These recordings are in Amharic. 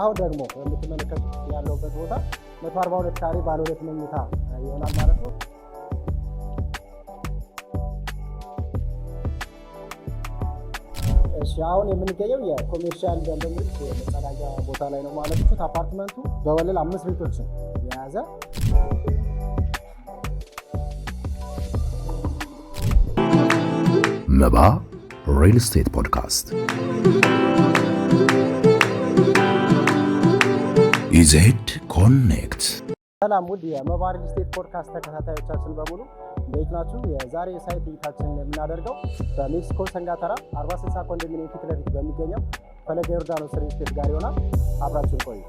አሁን ደግሞ የምትመለከቱት ያለውበት ቦታ 142 ካሬ ባለ ሁለት መኝታ ይሆናል ማለት ነው። እሺ አሁን የምንገኘው የኮሜርሻል ደንበኞች መጸዳጃ ቦታ ላይ ነው ማለት ነው። አፓርትመንቱ በወለል አምስት ቤቶችን የያዘ መባ ሪል ስቴት ፖድካስት ኢዜድ ኮኔክት ሰላም ውድ የመባ ስቴት ፖድካስት ተከታታዮቻችን በሙሉ እንዴት ናችሁ? የዛሬ ሳይት ይታችን የምናደርገው በሜክሲኮ ሰንጋተራ 46 ኮንዶሚኒየም ፊት ለፊት በሚገኘው ፈለገ ዮርዳኖስ ሪል ስቴት ጋር ይሆናል። አብራችን ቆዩ።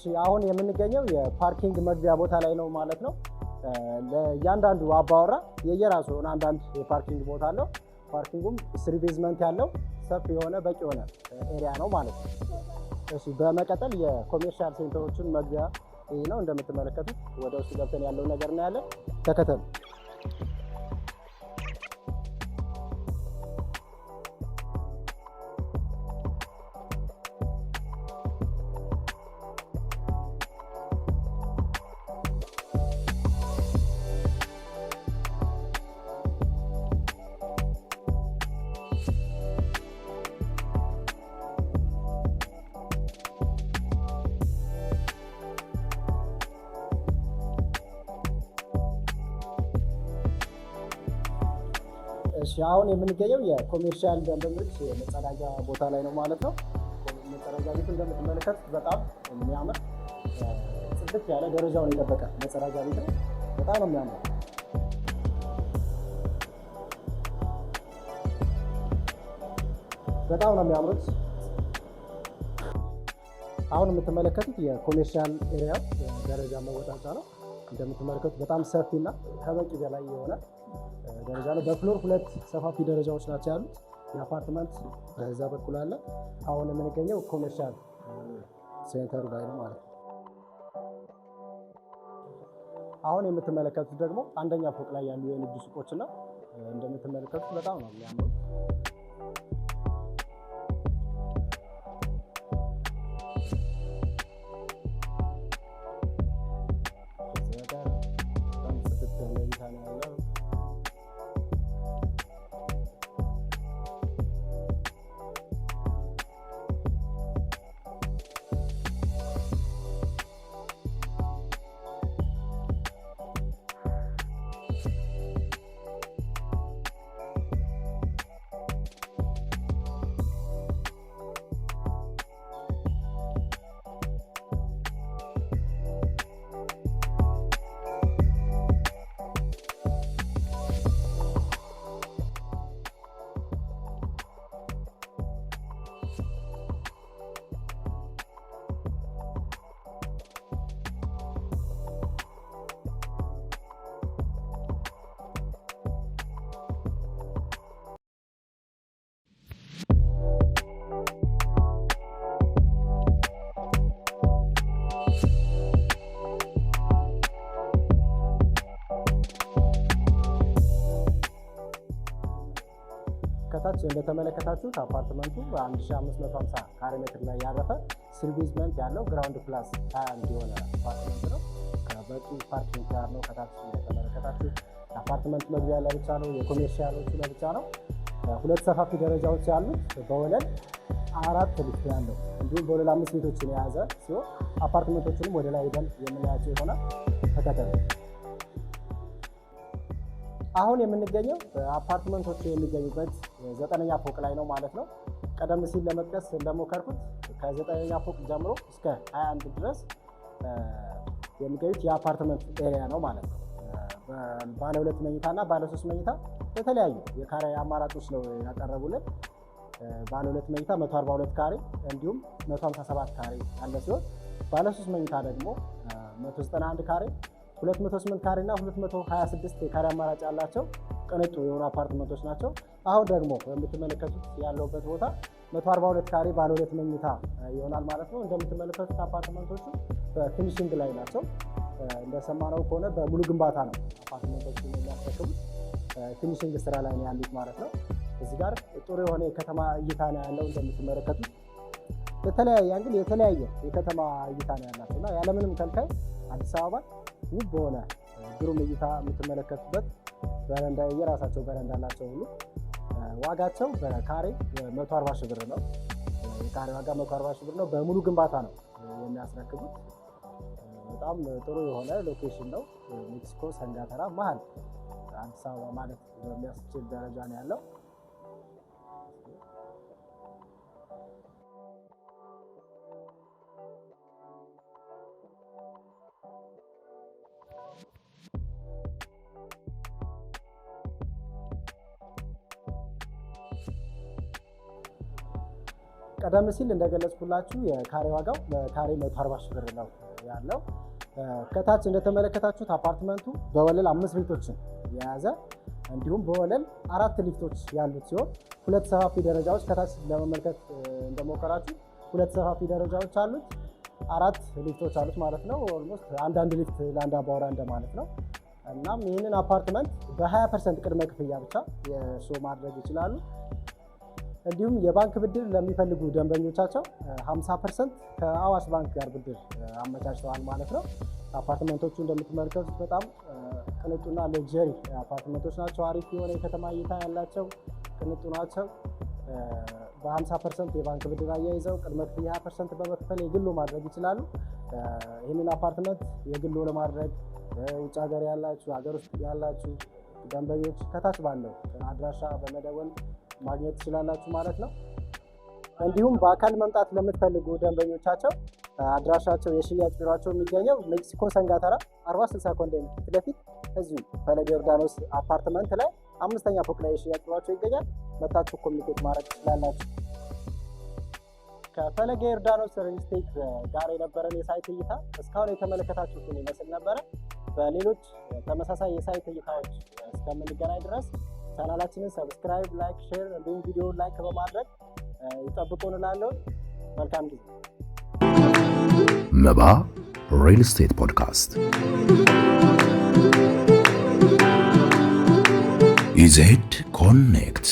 እሺ አሁን የምንገኘው የፓርኪንግ መግቢያ ቦታ ላይ ነው ማለት ነው። ለእያንዳንዱ አባወራ የየራሱ የሆነ አንዳንድ የፓርኪንግ ቦታ አለው። ፓርኪንጉም ስሪ ቤዝመንት ያለው ሰፊ የሆነ በቂ የሆነ ኤሪያ ነው ማለት ነው። እሺ በመቀጠል የኮሜርሻል ሴንተሮችን መግቢያ ይህ ነው። እንደምትመለከቱት ወደ ውስጥ ገብተን ያለው ነገር እናያለን። ተከተሉ። እሺ አሁን የምንገኘው የኮሜርሻል ደንበኞች የመጸዳጃ ቦታ ላይ ነው ማለት ነው። መጸዳጃ ቤቱ እንደምትመለከት በጣም የሚያምር ጽድት ያለ ደረጃውን የጠበቀ መጸዳጃ ቤት ነው። በጣም የሚያምር በጣም ነው የሚያምሩት። አሁን የምትመለከቱት የኮሜርሻል ኤሪያ ደረጃ መወጣጫ ነው። እንደምትመለከቱት በጣም ሰፊ ና ከበቂ በላይ የሆነ ደረጃ ነው። በፍሎር ሁለት ሰፋፊ ደረጃዎች ናቸው ያሉት። የአፓርትመንት በዛ በኩል አለ። አሁን የምንገኘው ኮሜርሻል ሴንተሩ ላይ ነው ማለት ነው። አሁን የምትመለከቱት ደግሞ አንደኛ ፎቅ ላይ ያሉ የንግድ ሱቆች ና እንደምትመለከቱት በጣም ነው የሚያምሩ እንደተመለከታችሁት አፓርትመንቱ 1550 ካሬ ሜትር ላይ ያረፈ ስሪ ቤዝመንት ያለው ግራውንድ ፕላስ 21 የሆነ አፓርትመንት ነው። ከበቂ ፓርኪንግ ጋር ነው። ከታች እንደተመለከታችሁት አፓርትመንት መግቢያ ለብቻ ነው፣ የኮሜርሻሎቹ ለብቻ ነው። ሁለት ሰፋፊ ደረጃዎች ያሉት በወለል አራት ልክ ያለው እንዲሁም በወለል አምስት ቤቶችን የያዘ ሲሆን አፓርትመንቶችንም ወደ ላይ ይበል የምናያቸው የሆነ ተከተለ አሁን የምንገኘው አፓርትመንቶች የሚገኙበት ዘጠነኛ ፎቅ ላይ ነው ማለት ነው። ቀደም ሲል ለመጥቀስ እንደሞከርኩት ከዘጠነኛ ፎቅ ጀምሮ እስከ 21 ድረስ የሚገኙት የአፓርትመንት ኤሪያ ነው ማለት ነው። ባለ ሁለት መኝታ እና ባለ ሶስት መኝታ የተለያዩ የካሬ አማራጮች ነው ያቀረቡልን። ባለ ሁለት መኝታ 142 ካሬ እንዲሁም 157 ካሬ ያለ ሲሆን ባለ ሶስት መኝታ ደግሞ 191 ካሬ 208 ካሬ እና 226 የካሬ አማራጭ ያላቸው ቅንጡ የሆኑ አፓርትመንቶች ናቸው። አሁን ደግሞ የምትመለከቱት ያለውበት ቦታ 142 ካሬ ባለ ሁለት መኝታ ይሆናል ማለት ነው። እንደምትመለከቱት አፓርትመንቶቹ በፊኒሽንግ ላይ ናቸው። እንደሰማነው ከሆነ በሙሉ ግንባታ ነው አፓርትመንቶቹ የሚያስረክቡት፣ ፊኒሽንግ ስራ ላይ ነው ያሉት ማለት ነው። እዚህ ጋር ጥሩ የሆነ የከተማ እይታ ነው ያለው እንደምትመለከቱት በተለያየ አንግል የተለያየ የከተማ እይታ ነው ያላቸው እና ያለምንም ከልካይ አዲስ አበባ ውብ በሆነ ግሩም እይታ የምትመለከቱበት በረንዳ የራሳቸው በረንዳ አላቸው ሁሉ ዋጋቸው በካሬ 140 ሺህ ብር ነው። የካሬ ዋጋ 140 ሺህ ብር ነው። በሙሉ ግንባታ ነው የሚያስረክቡት። በጣም ጥሩ የሆነ ሎኬሽን ነው። ሜክሲኮ ሰንጋተራ መሀል አዲስ አበባ ማለት በሚያስችል ደረጃ ነው ያለው። ቀደም ሲል እንደገለጽኩላችሁ የካሬ ዋጋው በካሬ 140 ሺህ ብር ነው ያለው። ከታች እንደተመለከታችሁት አፓርትመንቱ በወለል አምስት ቤቶችን የያዘ እንዲሁም በወለል አራት ሊፍቶች ያሉት ሲሆን ሁለት ሰፋፊ ደረጃዎች ከታች ለመመልከት እንደሞከራችሁ ሁለት ሰፋፊ ደረጃዎች አሉት፣ አራት ሊፍቶች አሉት ማለት ነው። ኦልሞስት አንዳንድ ሊፍት ለአንድ አባወራ እንደማለት ነው። እናም ይህንን አፓርትመንት በ20 ፐርሰንት ቅድመ ክፍያ ብቻ የሾ ማድረግ ይችላሉ። እንዲሁም የባንክ ብድር ለሚፈልጉ ደንበኞቻቸው 50 ፐርሰንት ከአዋሽ ባንክ ጋር ብድር አመቻችተዋል ማለት ነው። አፓርትመንቶቹ እንደምትመለከቱት በጣም ቅንጡና ሌጀሪ አፓርትመንቶች ናቸው። አሪፍ የሆነ የከተማ እይታ ያላቸው ቅንጡ ናቸው። በ50 ፐርሰንት የባንክ ብድር አያይዘው ቅድመ ክፍያ 20 ፐርሰንት በመክፈል የግሎ ማድረግ ይችላሉ። ይህንን አፓርትመንት የግሎ ለማድረግ ውጭ ሀገር ያላችሁ፣ ሀገር ውስጥ ያላችሁ ደንበኞች ከታች ባለው አድራሻ በመደወል ማግኘት ትችላላችሁ ማለት ነው። እንዲሁም በአካል መምጣት ለምትፈልጉ ደንበኞቻቸው አድራሻቸው የሽያጭ ቢሯቸው የሚገኘው ሜክሲኮ ሰንጋተራ 40/60 ኮንዶሚኒየም ፊት ለፊት እዚሁ ፈለገ ዮርዳኖስ አፓርትመንት ላይ አምስተኛ ፎቅ ላይ የሽያጭ ቢሯቸው ይገኛል። መታችሁ ኮሚኒኬት ማድረግ ትችላላችሁ። ከፈለገ ዮርዳኖስ ሪልስቴት ጋር የነበረን የሳይት እይታ እስካሁን የተመለከታችሁትን ይመስል ነበረ። በሌሎች ተመሳሳይ የሳይት እይታዎች እስከምንገናኝ ድረስ ቻናላችንን ሰብስክራይብ፣ ላይክ፣ ሼር እንዲሁም ቪዲዮ ላይክ በማድረግ ይጠብቁን እላለሁ። መልካም ጊዜ። መባ ሪል ስቴት ፖድካስት ኢዜድ ኮኔክት